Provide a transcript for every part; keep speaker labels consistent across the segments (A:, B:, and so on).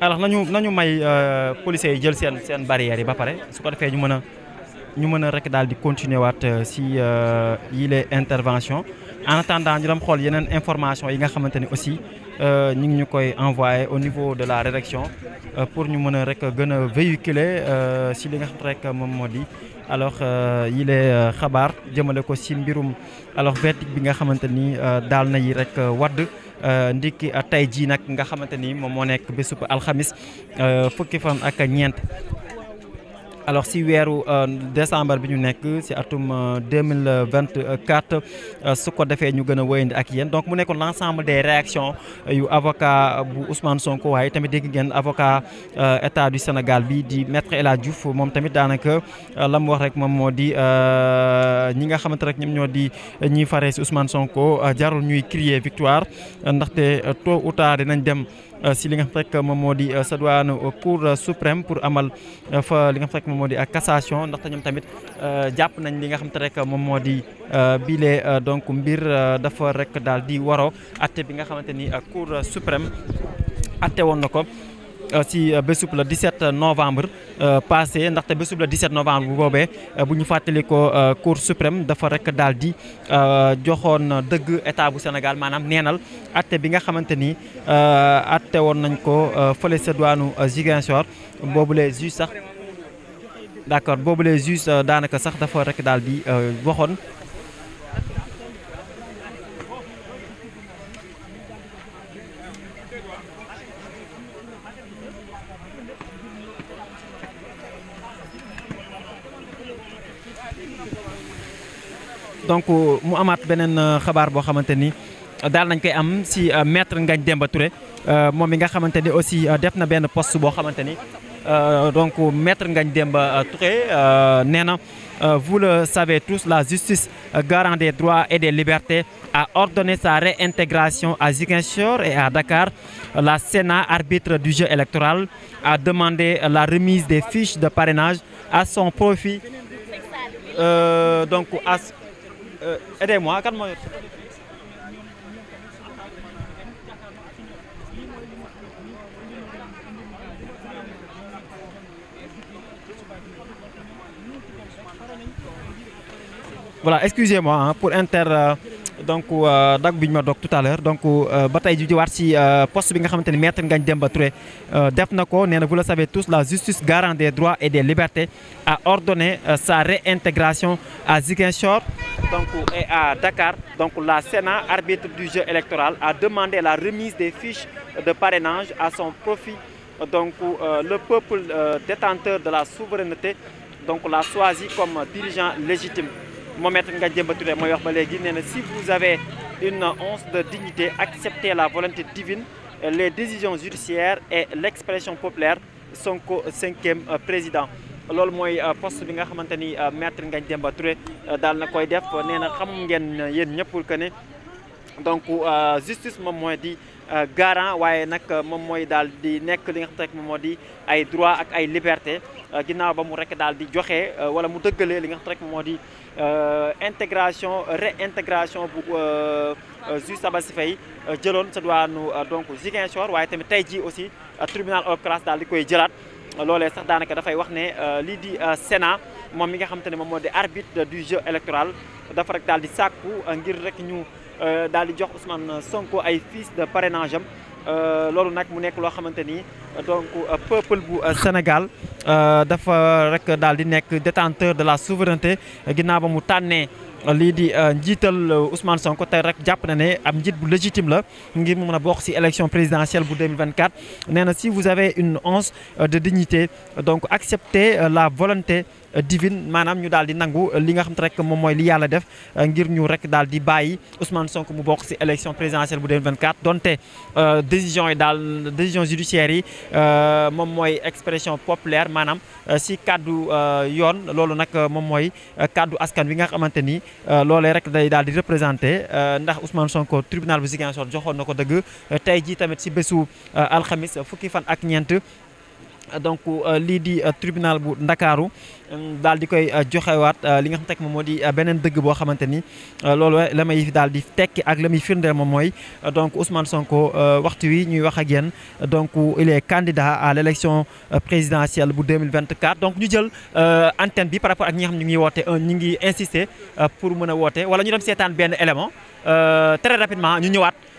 A: alors nañu ñu may euh, policiers yi jël seen seen barrières yi ba pare su ko defee ñu mën a ñu mën a rek daal di continuer waat euh, si euh, yile intervention en attendant ñu dem xool yeneen information yi nga xamante ni aussi euh, ñu ngi ñu koy envoyé au niveau de la rédaction euh, pour ñu mën a rek gën a véhiculer euh, si li nga xam rek moom moo di alors yile xabaar jëmale ko si mbirum alors verdict bi nga xamante ni daal na yi rek wadd ndikki tey jii nag nga xamante ni moom moo nekk bésub alxamis fukki fan ak ñeent. alors si weeru euh, décembre bi ñu nekk si atum 2024 euh, euh, su ko defee ñu gën a wëyandi ak yéen donc mu nekkoon l' ensemble des réactions yu avocat bu Ousmane Sonko waaye tamit dégg ngeen avocat état du Sénégal bi di maître El Hadj Diouf moom tamit daanaka la mu wax rek moom moo di ñi nga xamante rek ñoom ñoo di ñiy faree si usman Sonko jarul ñuy crier victoire ndaxte tôt ou tard dinañ dem. si li nga xam rek moom moo di sa douane cour suprême pour amal fa li nga xam rek moom moo di ak euh, cassation ndaxte ñoom tamit euh, jàpp nañ li nga xam te rek moom moo di euh, biile donc mbir dafa rek daal di waroo ate bi nga xamante ni cour suprême atte woon na ko si bésub la 17 novembre passé ndaxte bésub la 17 novembre bu boobee bu ñu fàttali ko cour suprême dafa rek daal di joxoon dëgg état bu Sénégal maanaam neenal atte bi nga xamante ni ate woon nañ ko fële sa duwaanu Ziguinchor boobule juge sax d' accord boobu les juges euh, daanaka sax dafa rek daal di euh, waxoon. donc euh, mu amaat beneen xabaar boo xamante ni daal nañ koy am si maître nga Demba Touré moom mi nga xamante ni aussi def na benn poste boo xamante ni. Euh, donc maître Ngagne Demba euh, Touré euh, nee na vous le savez tous la justice garant des droits et des libertés à ordonné sa réintégration à Ziguinchor et à Dakar la Sénat arbitre du jeu électoral a demandé la remise des fiches de parrainage à son profit donc à moi voilà excusez-moi hein, pour inter euh, donc euh, dag bi ñu ma dog tout à donc euh, ba tey ji jiwaat si poste bi nga xamante ni maître Ngagne Demba Touré def na ko nee na vous le savez tous la justice garant des droits et des libertés a ordonné sa réintégration à Ziguinchor donc et à Dakar donc la Sénat arbitre du jeu électoral a demandé la remise des fiches de parrainage à son profit donc le peuple euh, détenteur de la souveraineté donc l'a choisi comme dirigeant légitime Mohamed Ngadjemba Touré mooy wax ba léegi nee na si vous avez une once de dignité acceptez la volonté divine les décisions judiciaires et l'expression populaire Sonko cinquième euh, président loolu mooy euh, poste bi nga xamante ni euh, maître Ngadjemba Touré daal na koy def nee na xam ngeen yéen ñëpp que ne donc justice moom mooy di Euh, garant waaye nag euh, moom mooy daal di nekk li nga xam te rek moom moo di ay droit ak ay liberté euh, ginnaaw ba mu rek daal di joxe wala mu dëggalee li nga xam te rek moom moo di intégration réintégration bu juge si Faye jëloon sa duwaanu donc Ziguinchor waaye tamit tey jii aussi tribunal hors classe daal di koy jëlaat loole sax daanaka dafay wax ne lii di Sénat moom mi nga xam te ne moom moo di arbitre du jeu électoral dafa rek daal di sàkku ngir rek ñu Euh, daal di jox Ousmane Sonko ay fiches de parrainage am euh, loolu nag mu nekk loo xamante ni donc euh, peuple bu Sénégal dafa rek daal di nekk détenteur de la souveraineté ginnaaw ba mu tànnee. lii di euh, njiital euh, Ousmane Sonko tey rek jàpp na ne am njiit bu légitime la ngir mu a bokk si élection présidentielle bu 2024 nee na si vous avez une once euh, de dignité donc acceptez la volonté divine maanaam ñu daal di nangu li nga xam te rek moom mooy li yàlla def ngir ñu rek daal di bàyyi Ousmane Sonko mu bokk si élection présidentielle bu 2024 donte décision yi daal décision judiciaire yi moom mooy expression populaire maanaam si kaddu yoon loolu nag moom mooy kàddu askan wi nga xamante ni Euh, loole rek day daal di représenté euh, ndax Ousmane Sonko tribunal bu Ziguinchor joxoon na ko dëgg euh, tey jii tamit si bésu alxamis fukki fan ak ñeent donc euh, lii di euh, tribunal bu ndakaaru euh, daal di koy joxewaat li nga xam teg moom moo di beneen dëgg boo xamante ni loolu la may daal di tekki ak la muy firndeel moom mooy donc Ousmane Sonko waxtu wi ñuy wax ak yéen donc il est candidat à l' élection présidentielle bu 2024 donc ñu jël antenne bi par rapport ak ñi nga xam ñu ngi woote ñu ngi insister pour mën a woote wala ñu dem seetaan benn élément très rapidement ñu ñëwaat.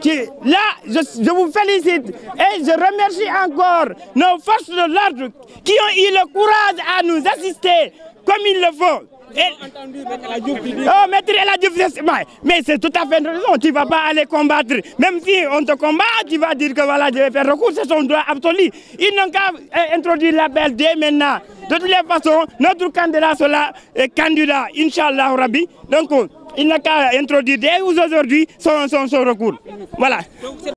B: qui, là, je, vous félicite et je remercie encore nos forces de l'ordre qui ont eu le courage à nous assister comme il le faut. Et... Oh, maître la mais c'est tout à fait raison, tu vas pas aller combattre. Même si on te combat, tu vas dire que voilà, je faire recours, c'est son droit absolu. Ils n'ont qu'à euh, introduire la belle dès maintenant. De toutes les façons, notre candidat euh, candidat, Inch'Allah Rabbi. Donc, il n'a qu'à introduire dès aujourd'hui son, son, son recours.